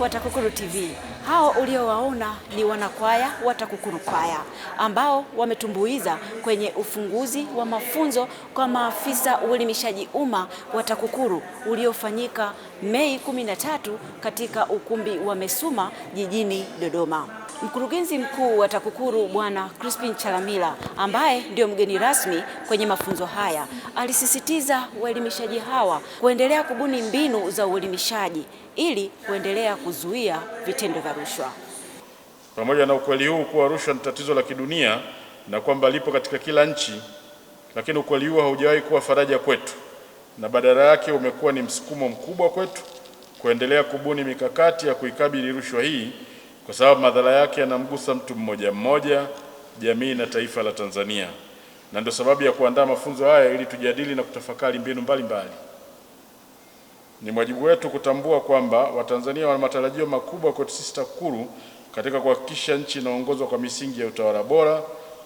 wa TAKUKURU TV. Hao uliowaona ni wanakwaya wa TAKUKURU kwaya ambao wametumbuiza kwenye ufunguzi wa mafunzo kwa maafisa uelimishaji umma wa TAKUKURU uliofanyika Mei 13 katika ukumbi wa Mesuma jijini Dodoma. Mkurugenzi mkuu wa TAKUKURU Bwana Crispin Chalamila ambaye ndio mgeni rasmi kwenye mafunzo haya alisisitiza waelimishaji hawa kuendelea kubuni mbinu za uelimishaji ili kuendelea kuzuia vitendo vya rushwa. Pamoja na ukweli huu kuwa rushwa ni tatizo la kidunia na kwamba lipo katika kila nchi, lakini ukweli huu haujawahi kuwa faraja kwetu na badala yake umekuwa ni msukumo mkubwa kwetu kuendelea kubuni mikakati ya kuikabili rushwa hii, kwa sababu madhara yake yanamgusa mtu mmoja mmoja, jamii na taifa la Tanzania, na ndio sababu ya kuandaa mafunzo haya ili tujadili na kutafakari mbinu mbalimbali. Ni mwajibu wetu kutambua kwamba Watanzania wana matarajio makubwa kwetu sisi TAKUKURU katika kuhakikisha nchi inaongozwa kwa misingi ya utawala bora,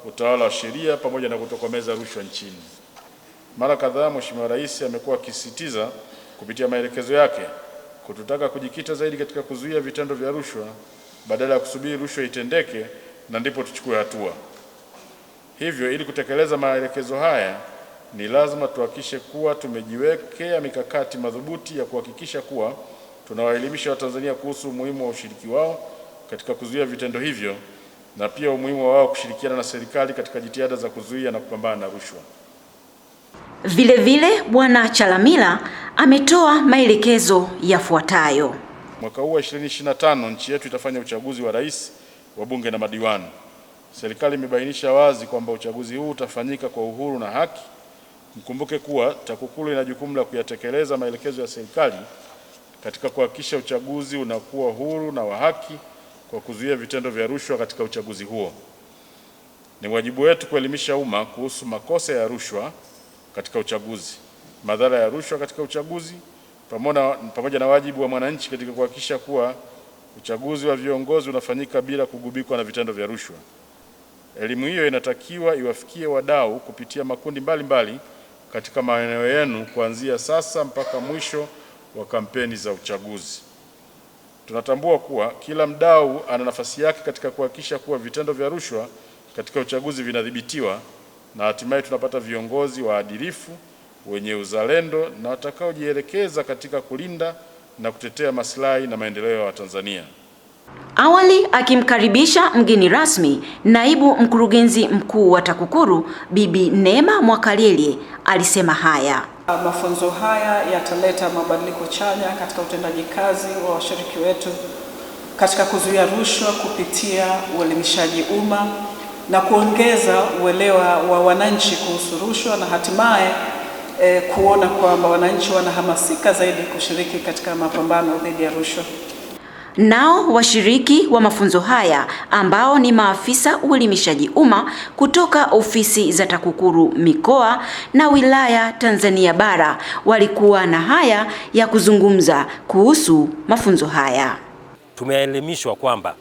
utawala wa sheria pamoja na kutokomeza rushwa nchini. Mara kadhaa Mheshimiwa Rais amekuwa akisisitiza kupitia maelekezo yake kututaka kujikita zaidi katika kuzuia vitendo vya rushwa badala ya kusubiri rushwa itendeke na ndipo tuchukue hatua. Hivyo, ili kutekeleza maelekezo haya ni lazima tuhakikishe kuwa tumejiwekea mikakati madhubuti ya kuhakikisha kuwa tunawaelimisha Watanzania kuhusu umuhimu wa ushiriki wao katika kuzuia vitendo hivyo na pia umuhimu wa wao kushirikiana na serikali katika jitihada za kuzuia na kupambana na rushwa. Vilevile Bwana Chalamila ametoa maelekezo yafuatayo. Mwaka huu wa 2025 nchi yetu itafanya uchaguzi wa rais, wa bunge na madiwani. Serikali imebainisha wazi kwamba uchaguzi huu utafanyika kwa uhuru na haki. Mkumbuke kuwa TAKUKURU ina jukumu la kuyatekeleza maelekezo ya serikali katika kuhakikisha uchaguzi unakuwa huru na wa haki kwa kuzuia vitendo vya rushwa katika uchaguzi huo. Ni wajibu wetu kuelimisha umma kuhusu makosa ya rushwa katika uchaguzi, madhara ya rushwa katika uchaguzi, pamoja na wajibu wa mwananchi katika kuhakikisha kuwa uchaguzi wa viongozi unafanyika bila kugubikwa na vitendo vya rushwa. Elimu hiyo inatakiwa iwafikie wadau kupitia makundi mbalimbali mbali katika maeneo yenu kuanzia sasa mpaka mwisho wa kampeni za uchaguzi. Tunatambua kuwa kila mdau ana nafasi yake katika kuhakikisha kuwa vitendo vya rushwa katika uchaguzi vinadhibitiwa na hatimaye tunapata viongozi waadilifu wenye uzalendo na watakaojielekeza katika kulinda na kutetea maslahi na maendeleo ya Watanzania. Awali akimkaribisha mgeni rasmi, naibu mkurugenzi mkuu wa TAKUKURU Bibi Neema Mwakalili alisema haya. Mafunzo haya yataleta mabadiliko chanya katika utendaji kazi wa washiriki wetu katika kuzuia rushwa kupitia uelimishaji umma na kuongeza uelewa wa wananchi kuhusu rushwa na hatimaye e, kuona kwamba wananchi wanahamasika zaidi kushiriki katika mapambano dhidi ya rushwa. Nao washiriki wa mafunzo haya ambao ni maafisa uelimishaji umma kutoka ofisi za TAKUKURU mikoa na wilaya Tanzania bara walikuwa na haya ya kuzungumza kuhusu mafunzo haya. Tumeelimishwa kwamba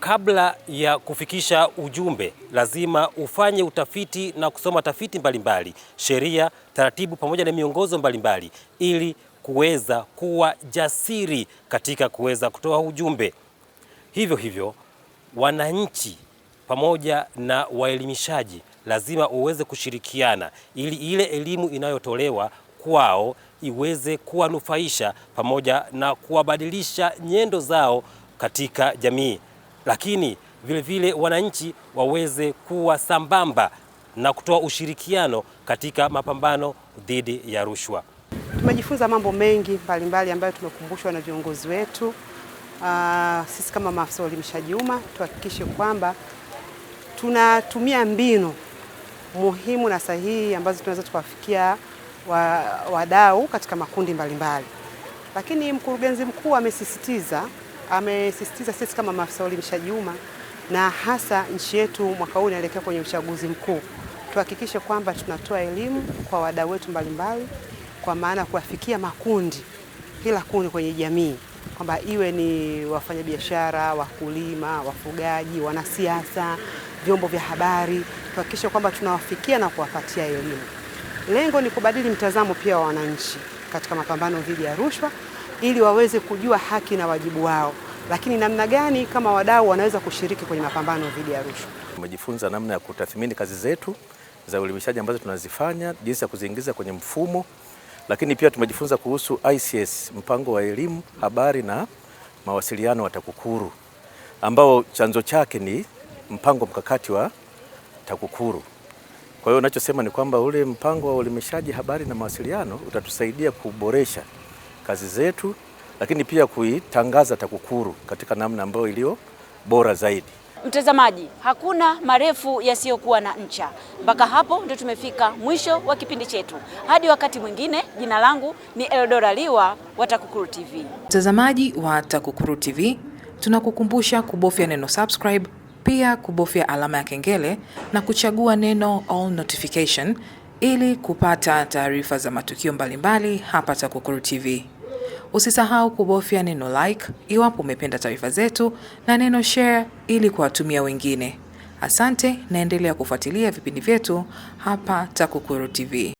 kabla ya kufikisha ujumbe lazima ufanye utafiti na kusoma tafiti mbalimbali, sheria, taratibu pamoja na miongozo mbalimbali mbali, ili kuweza kuwa jasiri katika kuweza kutoa ujumbe. Hivyo hivyo wananchi pamoja na waelimishaji lazima uweze kushirikiana ili ile elimu inayotolewa kwao iweze kuwanufaisha pamoja na kuwabadilisha nyendo zao katika jamii lakini vilevile wananchi waweze kuwa sambamba na kutoa ushirikiano katika mapambano dhidi ya rushwa. Tumejifunza mambo mengi mbalimbali ambayo tumekumbushwa na viongozi wetu. Uh, sisi kama maafisa uelimishaji umma tuhakikishe kwamba tunatumia mbinu muhimu na sahihi ambazo tunaweza tukawafikia wadau wa katika makundi mbalimbali mbali. Lakini mkurugenzi mkuu amesisitiza amesisitiza sisi kama maafisa uelimishaji umma na hasa nchi yetu mwaka huu inaelekea kwenye uchaguzi mkuu, tuhakikishe kwamba tunatoa elimu kwa wadau wetu mbalimbali, kwa maana kuwafikia makundi, kila kundi kwenye jamii, kwamba iwe ni wafanyabiashara, wakulima, wafugaji, wanasiasa, vyombo vya habari, tuhakikishe kwamba tunawafikia na kuwapatia elimu. Lengo ni kubadili mtazamo pia wa wananchi katika mapambano dhidi ya rushwa ili waweze kujua haki na wajibu wao, lakini namna gani kama wadau wanaweza kushiriki kwenye mapambano dhidi ya rushwa. Tumejifunza namna ya kutathmini kazi zetu za uelimishaji ambazo tunazifanya, jinsi ya kuziingiza kwenye mfumo, lakini pia tumejifunza kuhusu ICS, mpango wa elimu, habari na mawasiliano wa TAKUKURU ambao chanzo chake ni mpango mkakati wa TAKUKURU. Kwa hiyo unachosema ni kwamba ule mpango wa uelimishaji habari na mawasiliano utatusaidia kuboresha kazi zetu, lakini pia kuitangaza TAKUKURU katika namna ambayo iliyo bora zaidi. Mtazamaji, hakuna marefu yasiyokuwa na ncha. Mpaka hapo ndio tumefika mwisho wa kipindi chetu. Hadi wakati mwingine, jina langu ni Eldora Liwa wa TAKUKURU TV. Mtazamaji wa TAKUKURU TV, tunakukumbusha kubofya neno subscribe, pia kubofya alama ya kengele na kuchagua neno all notification ili kupata taarifa za matukio mbalimbali hapa TAKUKURU TV. Usisahau kubofya neno like iwapo umependa taarifa zetu na neno share ili kuwatumia wengine. Asante, naendelea kufuatilia vipindi vyetu hapa TAKUKURU TV.